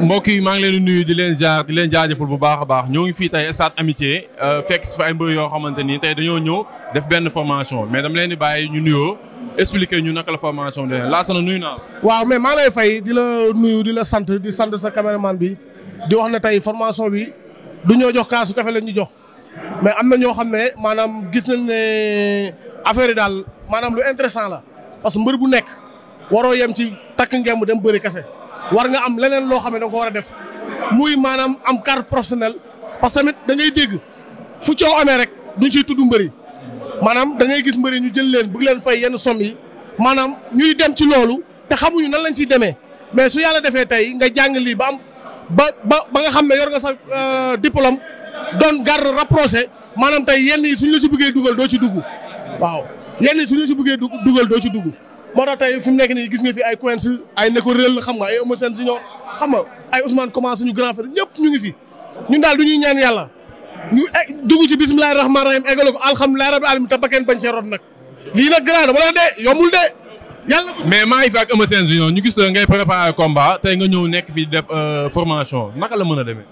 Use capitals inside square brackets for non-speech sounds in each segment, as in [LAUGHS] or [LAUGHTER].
mbokk yi maa ngi leen di nuyu di leen jaar di leen jaajëfal bu baax a baax ñoo ngi fii tey stade amitié euh, fekk si fa ay mbër yoo xamante nii tey dañoo ñëw def benn formation mais dama leen di bàyyi ñu nuyoo expliquer ñu naka la formation de laasana nuyu naa waaw mais maa ngi fay di la nuyu di la sant di sant sa caméraman bi di wax ne tey formation bi du ñoo jox kaasu kafe la ñu jox mais am na ñoo xam ne maanaam gis nañ ne affaire daal maanaam lu intéressant la parce que mbër bu nekk waroo yem ci takk ngemb dem bëri kese war nga am leneen loo xam ne da ko war a def muy maanaam am carte professionnelle parce que tamit da ngay dégg fu coow amee rek duñ siy tudd mbëri maanaam da ngay gis mbëri ñu jël leen bëgg leen fay yenn somme yi maanaam ñuy dem ci loolu te xamuñu nan lañ siy demee mais su yàlla defee tey nga jàng lii ba am ba ba ba nga xam ne yor nga sa euh, diplôme doon garde rapproché maanaam tey yenn yi suñ la si buggee dugal doo ci dugg waaw yenn yi suñ la si bëggee dugal doo ci dugg. moo tax tey fi mu nekk nii gis nga fi ay Quench ay Neko Rell xam nga ay Eumeu Sène Junior xam nga ay Ousmane Comment suñu grand frère ñëpp ñu ngi fi ñun daal du ñuy ñaan yàlla ñu e dugg ci bismillahi rahmaani rahim eggale ko alhamdulilahi rabbil alamin te bakkeen bañ see rot lii nag grand dama la dee yombul dee maa ngi fi ñu gis la ngay préparer combat tey nga ñëw nekk fi def euh, formation naka la mën a demee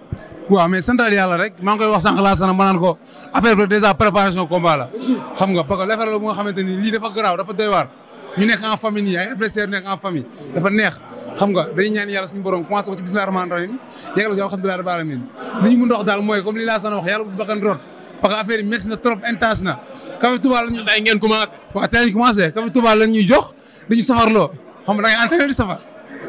waaw mais santal yàlla rek maa ngi koy wax sànq laa sana ma naan ko affaire bi préparation combat la xam nga parce que l'affaire la bu nga xamante ni lii dafa garaaw dafa doy waar ñu nekk en famille nii ay adversaire nekk en famille dafa neex xam nga dañuy ñaan yàlla suñu borom commencé ko ci bismillahi rahmaani rahim yeggal ko ci ñu mën a wax daal mooy comme li laa sana wax bu bakkan root parce que affaire yi métti na trop intense na café Touba lañu ngeen commencé waaw tey lañ jox dañu safarloo xam nga da safar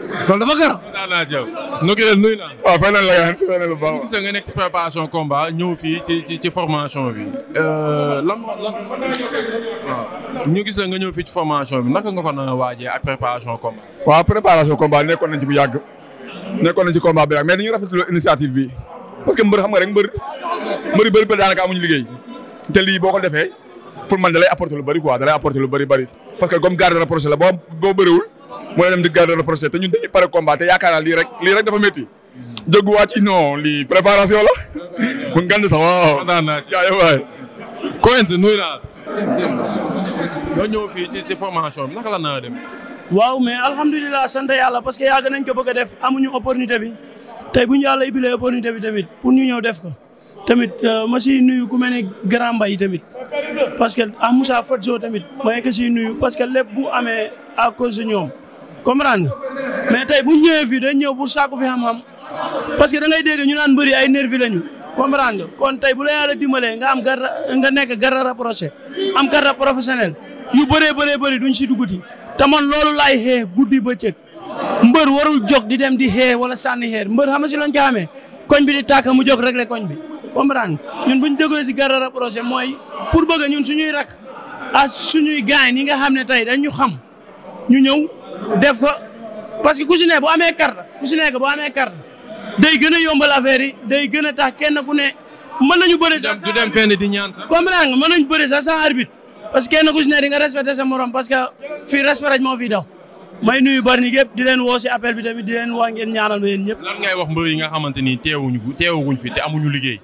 loolu dafa gën a. daal laa jëw nuyu naa nuyu naa. waaw fay na la yàlla si fay na lu baax. gis nga nekk ci préparation combat ñëw fii ci ci formation bi. Euh, lan lan waaw ñu gis la nga ñëw fii ci formation bi naka nga ko na waajee ak préparation combat. waaw préparation combat nekkoon nañ ci bu yàgg. nekkoon nañ ci combat bi nag mais dañuy rafetlu initiative bi. parce que mbër xam nga rek mbër mbëri bëri bëri daanaka amuñu liggéey. te lii boo ko defee pour man da lay apporter lu bëri quoi da lay apporter lu bëri bëri parce que comme garde rapproché la boo boo bëriwul mooy dem di garder le projet te ñun dañuy pare combat te yaakaar naa lii rek lii rek dafa métti. jógu waa lii préparation la. mu ngand sax waaw. [LAUGHS] waay. nuyu naa. ñoo ñëw fii ci ci formation bi naka la naa dem. waaw mais alhamdulilah sant yàlla parce que yàgg nañ ko bëgg a def amuñu opportunité bi tey bu ñu yàlla ibilee opportunité bi tamit pour ñu ñëw def ko. tamit euh, ma siy nuyu ku mel ni grand tamit parce que ah Fatso tamit ma ngi ko nuyu parce que lépp à cause de ñoom comprendre nga mais tey bu ñëwee fii dañ ñëw bu sàkku fi xam-xam parce que da ngay ñu naan mbëri ay nervi lañu comprendre nga kon tey bu la yàlla dimbalee nga am gar nga nekk garde rapproché am garde professionnel yu bëree bëree bëri duñ si dugguti te man loolu laay xee guddi bëccëg mbër warul jóg di dem di xee wala sànni xeer mbër xam si lañ ko xamee koñ bi di tàkk mu jóg rek koñ bi comprendre ñun buñ déggoo si garde rapproché mooy pour bëgg ñun suñuy rak ak suñuy gaañ yi nga xam ne tey dañu xam ñu ñëw def ko parce que ku si ne bu amee carte ku si nekk a yombal affaire yi day gën a tax kenn ku ne mën nañu bëri di ñaan sax comprendre nga mën nañu bëri sax sans arbitre parce que kenn ku nga respecté sa morom parce que fii respect rek moo fi daw may nuyu bari ni yëpp di leen woo si appel bi tamit di leen woo ngeen ñaanal ma yéen ñëpp lan ngay wax mbër yi nga xamante ni teewuñu teewuñu te amuñu liggéey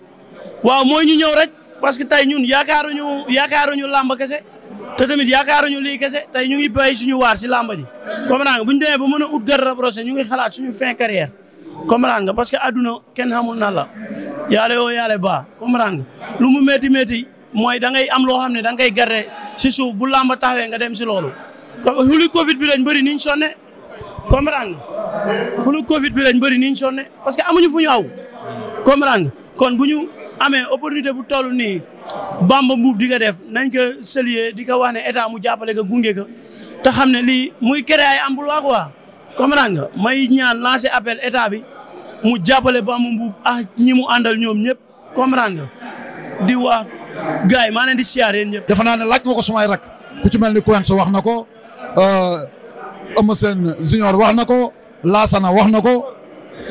waaw mooy ñu ñëw rek parce que tey ñun yaakaaruñu yaakaaruñu làmb kese te tamit yaakaaruñu lii kese tey ñu ngi bay suñu waar si làmba ji comprendre nga bu ñu demee ba mën a ut dara rapproché ñu ngi xalaat suñu fin carrière comprendre nga parce que adduna kenn xamul nan la yàlla yoo yàlla ba comprendre nga lu mu métti métti mooy da ngay am loo xam ne da ngay garder si suuf bu làmba taxawee nga dem si loolu comme xulu covid bi lañ bëri niñ sonne comprendre nga xulu covid bi lañ bëri niñ sonne parce que amuñu fu aw comprendre kon bu amee opportunité bu toll nii Bamba Mbuub di ko def nañ ko saluer di ko wax ne état mu jàppale ko gunge ko te xam ne lii muy créer ay emploi quoi comprendre may ñaan lancer appel état bi mu jàppale Bamba Mbuub ak ñi mu àndal ñoom ñëpp comprendre nga di wax gars yi maa leen di siyaareen ñëpp. defe naa ne laaj nga ko sumay rak ku ci mel ni Koulibaly wax na ko euh, Eumeu Sène Junior na ko Laasana wax na ko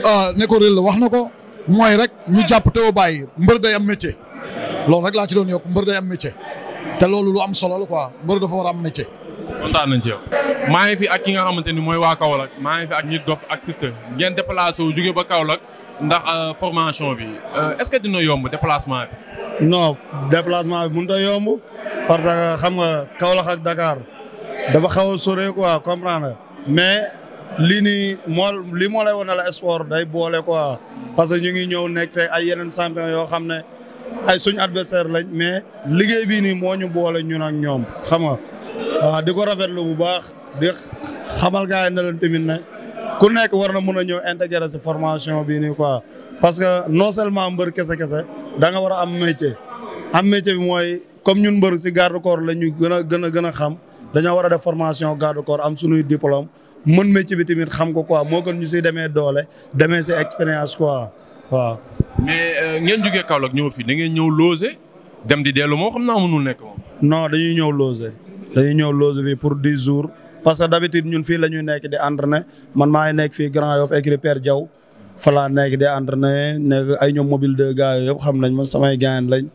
euh, Neko Rell wax na ko. mooy rek ñu jàpp te bàyyi mbër day am métier loolu rek laa ci doon yokk mbër day am métier te loolu lu am solo la quoi mbër dafa war a am métier. kontaan nañ ci yow. maa ngi fi ak ki nga xamante ni mooy waa Kaolack maa ngi fi ak Nitdoff ak Siteu ngeen déplacé wu jóge ba Kaolack ndax euh, formation bi euh, est-ce que dina yomb déplacement bi. non déplacement bi mënut a yomb parce que xam nga Kaolack ak Dakar dafa xaw a sore quoi comprendre mais. lii nii moo lii moo lay wane la sport day boole quoi parce que ñu ngi ñëw nekk fee ay yeneen champion yoo xam ne ay suñu adversaire lañ mais liggéey bii nii moo ñu boole ñun ak ñoom xam nga di ko rafetlu bu baax di xamal gars yi ne leen tamit ne ku nekk war na mun a ñëw intégrer si formation bii nii quoi parce que non seulement mbër kese kese da nga war a am métier am métier bi mooy comme ñun mbër si garde corps la ñu gën a gën gën a xam dañoo war a def formation garde corps am suñuy diplôme mën métier bi tamit xam ko quoi moo ko ñu si demee doole demee si expérience quoi waaw. mais euh, ngeen jugee Kaolack ñëw fi da ñëw loger dem di dellu moo xam naa mënul nekk moom. non dañuy ñëw loger dañuy ñëw loose fii pour dix jours parce que d'habitude ñun fii la ñuy nekk di entraîné man maa nekk fii Grand Yoff écurie Père Diaw fa laa nekk di entraîné nekk ay ñoom mobile de gars yëpp xam nañ ma samay gaañ lañ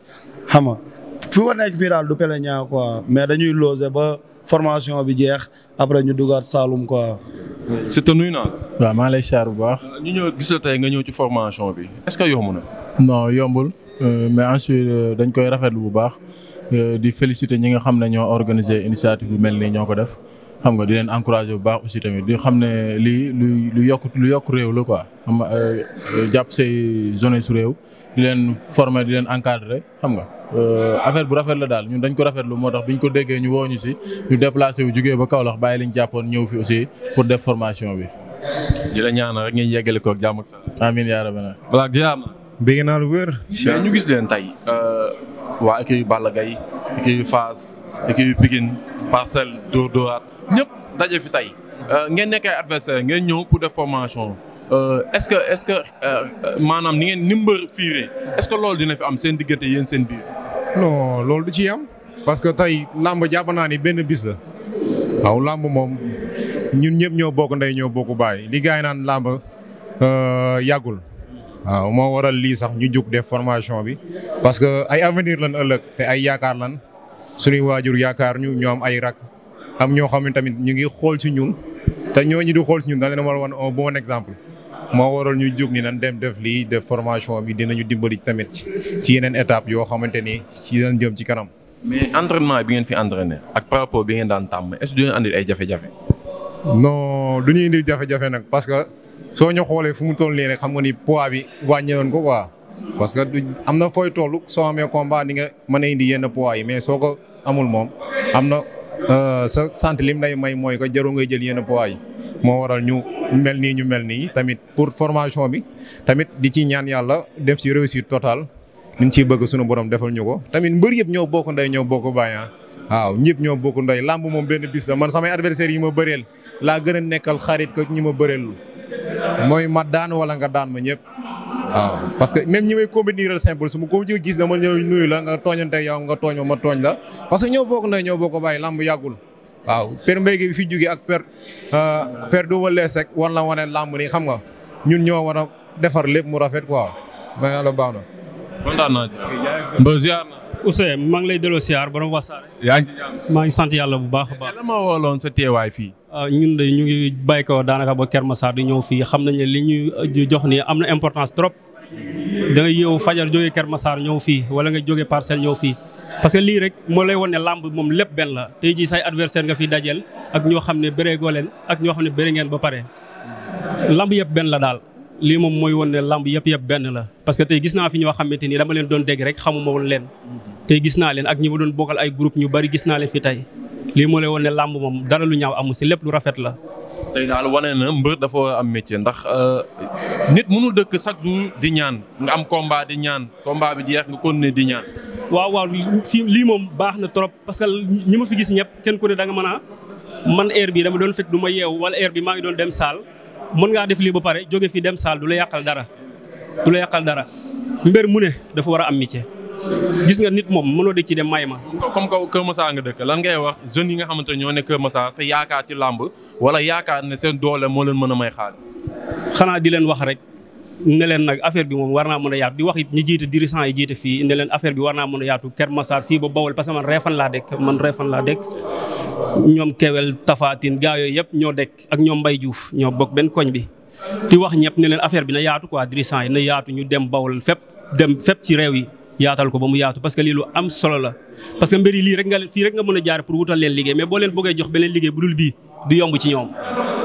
xam nga fi ma nekk fii daal du pele ñaa mais ba. formation bi jeex après ñu dugaat Saloum quoi. Siteu nuyu naa la. waaw maa lay siyaar bu baax. Euh, ñu ñëw gis tey nga ñëw ci formation bi est-ce que yomb na. non yombul euh, mais ensuite euh, dañ koy rafetlu bu baax di féliciter ñi nga xam ne ñoo organiser initiative bu mel nii ñoo ko def. xam nga di leen encouragé bu baax aussi tamit di xam ne lii lu lu yokk lu yokk réew la quoi xam nga euh, jàpp say zone su réew di leen former di leen encadré xam nga. Euh, affaire bu rafet la daal ñun dañ ko rafetlu moo tax bi ñu ko déggee ñu woo ñu si ñu déplacé wu jugee ba kaw Kaolack bàyyi liñ jàppoon ñëw fi aussi pour def formation bi. di la ñaan rek ngeen yeggale ko ak jàmm ak salaam. amiin yaa rabbana. balaa ak jàmm. bëgg naa lu wér. ñu gis leen tey. Euh, waa équipe Balla Gaye équipe Fass équipe Pikine Parcelles Dóor Dóoraat ñëpp daje fi tey euh, ngeen nekk ay adversaire ngeen ñëw pour de formation euh, est-ce que est-ce que euh, maanaam ni ngeen ni fiire est-ce que loolu dina fi am seen diggante yéen seen biir. non loolu du ci am parce que tey làmb jàpp naa ni benn bis la waaw làmb moom ñun ñëpp ñoo bokk ndey ñoo bokk baay li gaay naan làmb yàggul. waaw moo waral lii sax ñu jóg def formation bi parce que ay avenir lan ëllëg te ay yaakaar lan suñuy waajur yaakaar ñu ñoom ay rak am ñoo xam tamit ñu ngi xool si ñun te ñoo ñu di xool si ñun da leen war a wan un exemple moo waral ñu jóg ni nan dem def lii def formation bi dinañu dimbali tamit ci yeneen étape yoo xamante ni ci daan jëm ci kanam. mais entraînement bi ngeen fi entraîné ak par bi ngeen daan tàmm est-ce que du ngeen ay jafe-jafe. non du ñu indil jafe-jafe nag parce que. soo ñu xoolee fu mu toll nii rek xam nga ni poids bi wàññeewoon ko quoi. parce que am na fooy toll soo amee combat ni nga mën a indi yenn poids yi mais soo ko amul moom am na euh, sa sant lim lay may mooy ko jarul ngay jël yenn poids yi. moo waral ñu mel nii ñu mel nii tamit pour formation bi tamit di ci ñaan yàlla def si réussir totale. ñu ciy bëgg sunu borom defal ñu ko tamit mbër yëpp ñoo bokk ndey ñoo bokk bàyyi waaw ñëpp ñoo bokk ndoy làmb moom benn bis la man samay adversaire yi ma bëreel laa gën a nekkal xarit ko ñi ma bëreelul mooy mat daan wala nga daan ma ñëpp waaw parce que même ñi may compétiral simple su ma ko gis na ma ñëw nuyu la nga tooñante yow nga tooñ ma ma tooñ la parce que ñoo bokk ndoy ñoo bokk bàyyi làmb yàggul waaw per mbéy gi fi jóge ak per euh, per du ma lees rek war na wane làmb nii xam nga ñun ñoo war a defar lépp mu rafet quoi. waaw kontaan naa ci Mba ziar na. Ousseyn maa ngi lay delloo siyaar borom wasaare. yaa ngi ci jàmm maa ngi sant yàlla bu baax a baax. lan moo woloon sa teewaay fii. Ah, ñun de ñu ngi bàyyi ko daanaka ba Kër Massar di ñëw fii xam nañu ne li ñu uh, jox nii am na importance trop. da nga yeewu fajar jógee Kër Massar ñëw fii wala nga jógee parcelle ñëw fii. parce que lii rek moo lay wan ne làmb moom lépp benn la tey jii say adversaire nga fi dajeel ak ñoo xam ne bëree goo leen ak ñoo xam ne bëri ngeen ba pare. làmb yëpp benn la daal lii moom mooy woon ne lamb yëpp yëpp benn la parce que tey gis naa fi ñoo xamante ni dama leen doon dégg rek xamuma woon leen tey gis naa leen ak ñi ma doon bokkal ay groupe ñu bari gis naa leen fi tey lii moo lay woon moom dara lu ñaaw amu si lépp lu rafet la tey daal na mbër dafa am métier ndax euh, nit mënul dëkk chaque jour di ñaan nga am combat di ñaan combat bi jeex nga continuer di ñaan waaw waaw fii lii moom baax na trop parce que ñi ma fi gis ñëpp kenn ku ne da nga mën a man heure bi dama doon fekk du ma yeew wala heure bi maa ngi doon dem saal mën ngaa def lii ba pare jóge fii dem saal du la yàqal dara du la yàqal dara mbër mu ne dafa war a am métier gis nga nit moom mënoo dëkk ci dem may ma. comme que Kër Massar nga dëkk lan ngay wax jeunes yi nga xamante ñoo ne Kër Massar te yaakaar ci làmb wala yaakaar ne seen doole moo leen mën a may xaalis. xanaa di leen wax rek ne leen nag affaire bi moom war naa mën a yaatu di wax it ñi jiite dirigeant yi jiite fii ne leen affaire bi war naa mën a yaatu Kër Massar fii ba ñoom kewel tafaatin gaa yooyu yëpp ñoo dekk ak ñoom Mbaye Diouf ñoo bokk benn koñ bi di wax ñëpp ne leen affaire bi na yaatu quoi dirigeant yi na yaatu ñu dem bawol fépp dem fépp ci réew yi yaatal ko ba mu yaatu parce lii lu am solo la parce que lii rek nga fii rek nga mën a jaar pour wutal leen liggéey mais boo leen bëggee jox beneen liggéey bu dul bii du yomb ci ñoom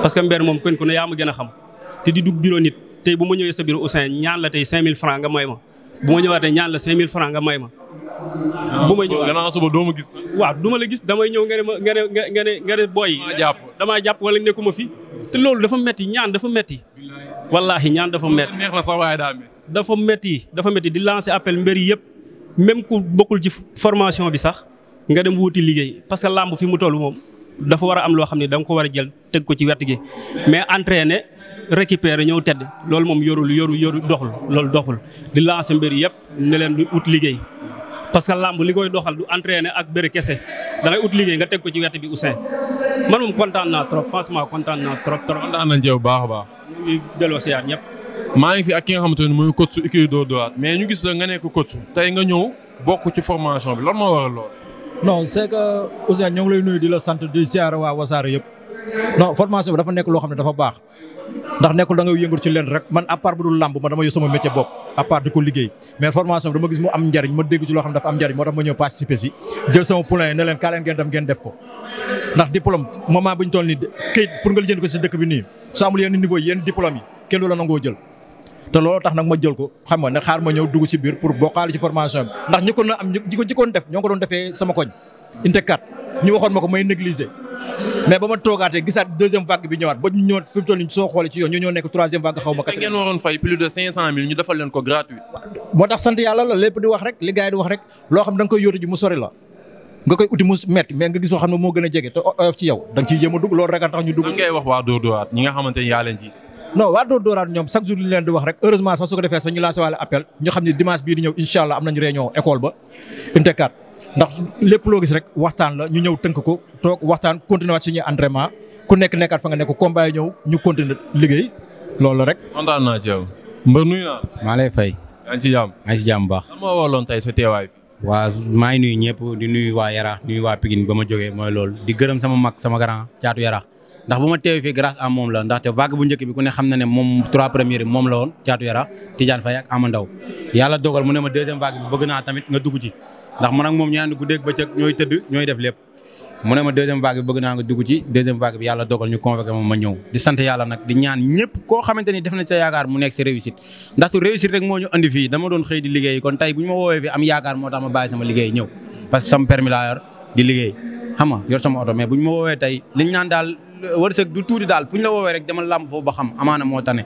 parce que mbir moom kon ku ne yaa ma gën a xam te di dugg bureau nit tey bu ma ñëwee bu ma ñëwaatee ñaan la 5000 francs nga may ma. bu ma ñëwaat gannaaw doo ma gis. waaw du la gis damay ñëw nga ne ma nga nga ne nga ne booy jàpp damaa jàpp wala nekkuma fi. te loolu dafa metti ñaan dafa metti. wallaahi ñaan dafa metti. neex na daa metti. dafa metti dafa metti di lancer appel mbër yëpp. même ku bokkul ci formation bi sax nga dem wuti liggéey parce que làmb fi mu toll moom dafa war a am loo xam ne da nga ko war a jël teg ko ci wet gi mais entraîner récupérer ñëw tedd loolu moom yorul yoru yoru doxul loolu doxul di lancer mbir yëpp ne leen du ut liggéey parce que làmb li koy doxal du entraîner ak bëri kese da ngay ut liggéey nga teg ko ci wet bi Ousseyn man moom kontaan naa trop franchement kontaan kontaan nañ ci yow baax a baax. ñu ngi delloo ñëpp. maa ngi fi ak ki nga xamante ne mooy coach su écurie Dóor Dóoraat mais ñu gis la nga nekk coach tey nga ñëw bokk ci formation bi lan moo waral lool. non c'est que Ousseyn ñoo lay nuyu di la sant di ziar waa wasaare yëpp non formation bi dafa nekk loo xam ne dafa baax ndax nekkul da nga ci leen rek man à bu dul làmb ma dama yor sama métier bopp à di ko liggéey mais formation bi dama gis mu am njariñ ma dégg ci loo xam ne dafa nga jënd si dëkk bi nii soo amul yenn niveau yi yenn diplôme yi kenn du la nangoo jël te loolu tax nag ma jël ko xam ne xaar ma ñëw dugg si biir pour bokkaale ci formation bi ndax ñi ko na am ñi ko jikkoon def ñoo ko doon defee sama koñ inte kat ñu waxoon ma mais ba ma toogaatee gisaat deuxième vague bi ñëwaat ba ñu ñëw fi mu nii soo xoolee ci yoon ñoo nekk troisième vague xaw ma. moo tax sant yàlla la lépp di wax rek li di wax rek loo xam da koy yóotu ji mu sori la nga koy uti mu metti mais nga gis xam ne moo gën a jege te oyof ci yow da nga ciy jéem a dugg loolu rek a tax ñu dugg. lan ngay wax waa Dóor Dóoraat ñi nga xamante yaa leen jiite. non waa Dóor Dóoraat ñoom chaque jour li leen ndax lépp loo gis rek waxtaan la ñu ñëw tënk ko toog waxtaan continué waat suñuy entraînement ku nekk nekkaat fa nga nekk combat yi ñëw ñu continué liggéey loolu rek. kontaan naa ci yow. maa lay fay. maa ngi ci baax. lan moo waraloon tey sa waa maa ngi nuyu ñëpp di nuyu waa Yaraax nuyu waa Pikine ba ma jógee mooy lool di gërëm sama mag sama grand caatu Yaraax ndax bu ma teewee fii grâce à moom la ndaxte vague bu njëkk bi ku ne xam na ne moom trois premières moom la woon caatu Yaraax Tidiane Faye ak Ama Ndaw yàlla dogal mu ne ma deuxième vague bi bëgg naa tamit nga dugg ci ndax man nag moom ñaan guddeeg bëccëg ñooy tëdd ñooy def lépp mu ne ma deuxième vague bi bëgg naa nga dugg ci deuxième vague bi yàlla dogal ñu convoqué ma ma ñëw di sant yàlla nag di ñaan ñëpp koo xamante ni def na sa yaakaar mu nekk sa réussite ndaxtu réussite rek moo ñu andi fii dama doon di liggéey kon tey bu ñu ma woowee fi am yaakaar moo tax ma bàyyi sama liggéey ñëw parce que sama di liggéey xam nga yor sama oto mais bu ñu ma woowee tey liñ naan daal wërsëg du tuuti daal fu ñu la woowee rek dama làmb foofu ba xam amaana moo tane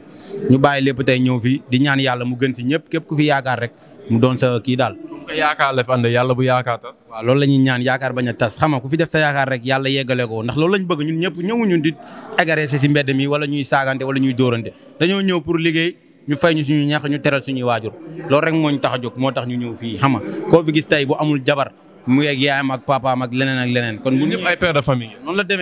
ñu bàyyi lépp tey ñëw fii di ñaan yàlla mu gën si ñëpp képp ku fi yaakaar doon kii daal ko yaakaar la fi ànd yàlla bu yaakaar tas. waaw loolu la ñuy ñaan yaakaar bañ a tas xam ku fi def sa yaakaar rek yàlla yeggale ko ndax loolu lañ bëgg ñun ñëpp ñëwuñu di agressé si mbedd mi wala ñuy saagante wala ñuy dóorante dañoo ñëw pour liggéey ñu fay ñu suñu ñax ñu teral suñuy waajur loolu rek moo tax a jóg moo tax ñu ñëw fii xam nga koo bu amul jabar mu yeeg yaayam ak papaam ak leneen ak leneen kon bu ñëpp ay père de famille noonu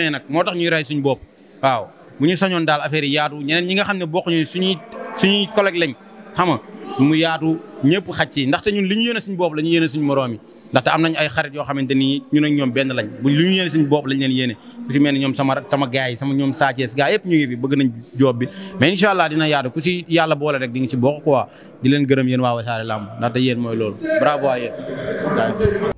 la mu yaatu ñëpp xaj ci ndaxte ñun li ñu yéene suñu bopp la ñu yéene suñu moroom yi ndaxte am nañ ay xarit yoo xamante ni ñun ak ñoom benn lañ bu ñu yéene suñu bopp lañ leen yéene ku si mel ñoom sama sama sama ñoom saacees gars yëpp ñu ngi fi bëgg nañ job bi mais incha allah dina yaatu ku si yàlla boole rek di nga si bokk quoi di leen gërëm yéen waa Wassare Lamb ndaxte yéen mooy loolu bravo à yéen